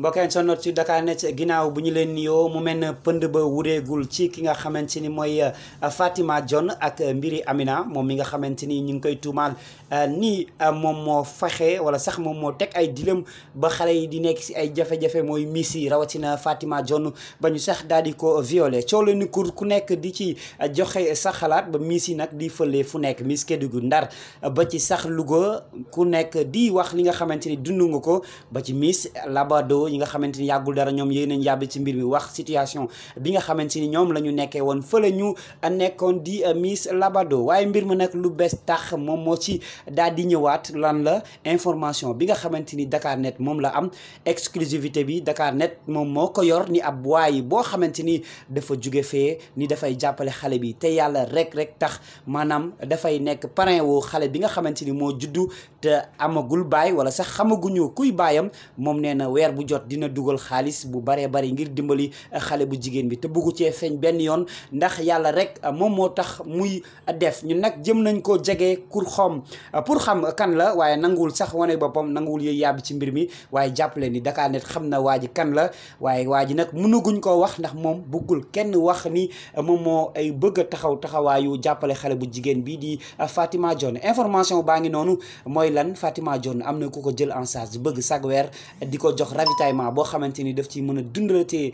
mbokkeen sonnot ci Dakar Net ginnaaw bu ñu leen nuyoo mu mel ne pënd ba wureegul ci ki nga xamante ni mooy euh, Fatima jonn ak mbiri Amina moom mi nga xamante ni ñu ngi koy tuumaal euh, nii euh, moom moo fexe wala sax moom moo teg ay dilam ba xale yi di nekk si ay jafe-jafe mooy miss yi rawatina Fatima jonn ba ñu sax daal di ko violé coow la ni kur ku nekk di ci joxe sa xalaat ba miss yi nag di fële fu nekk miis miss Kédougou Ndar ba ci sax Louga ku nekk di wax li nga xamante ni dund nga ko ñi nga xamante ni yàggul dara ñoom yéen yàbbi ci mbir mi wax situation bi nga xamante ni ñoom la ñu nekkee woon fële ñu nekkoon di euh, Miss Labado waaye mbir ma nag lu bees tax moom moo ci daal di ñëwaat lan la information bi nga xamante ni Dakar Net moom la am exclusivité bi Dakar Net moom moo ko yor ni ab waay boo xamante ni dafa juge fee ni dafay jàppale xale bi te yàlla rek rek tax maanaam dafay nekk parrain wu xale bi nga xamante ni moo juddu te amagul baay wala sax xamaguñu kuy baayam moom nee weer bu jot jot dina dugal xaalis bu baree bari ngir dimbali eh, xale bu jigéen bi te bëggu cee feeñ benn yoon ndax yàlla rek eh, moom moo tax muy eh, def ñu nag jëm nañ koo jege kur xom pour xam kan la waaye nanguwul sax wane boppam nanguwul yooyu yàbb ci mbir mi waaye jàppale ni Dakarnet xam na waa ji kan la waaye waa nag mënaguñ koo wax ndax moom bëggul kenn wax ni moom moo ay bëgg taxaw taxawaayu jàppale xale bu jigéen bi di Fatima Dione information baa ngi noonu mooy lan Fatima jon am na ku ko jël en charge bëgg chaque weer di ko jox ravitaay également boo xamante ni daf ci mën a dundalatee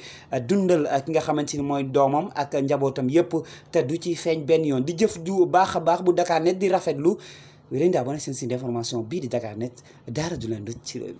dundal euh, euh, ki nga xamante ni mooy doomam ak njabootam yépp te du ci feeñ benn yoon di jëf ju baax a baax bu Dakar Net di rafetlu leen daa abonné seen site d'information bii di Dakar Net daara du leen rëcc ci réew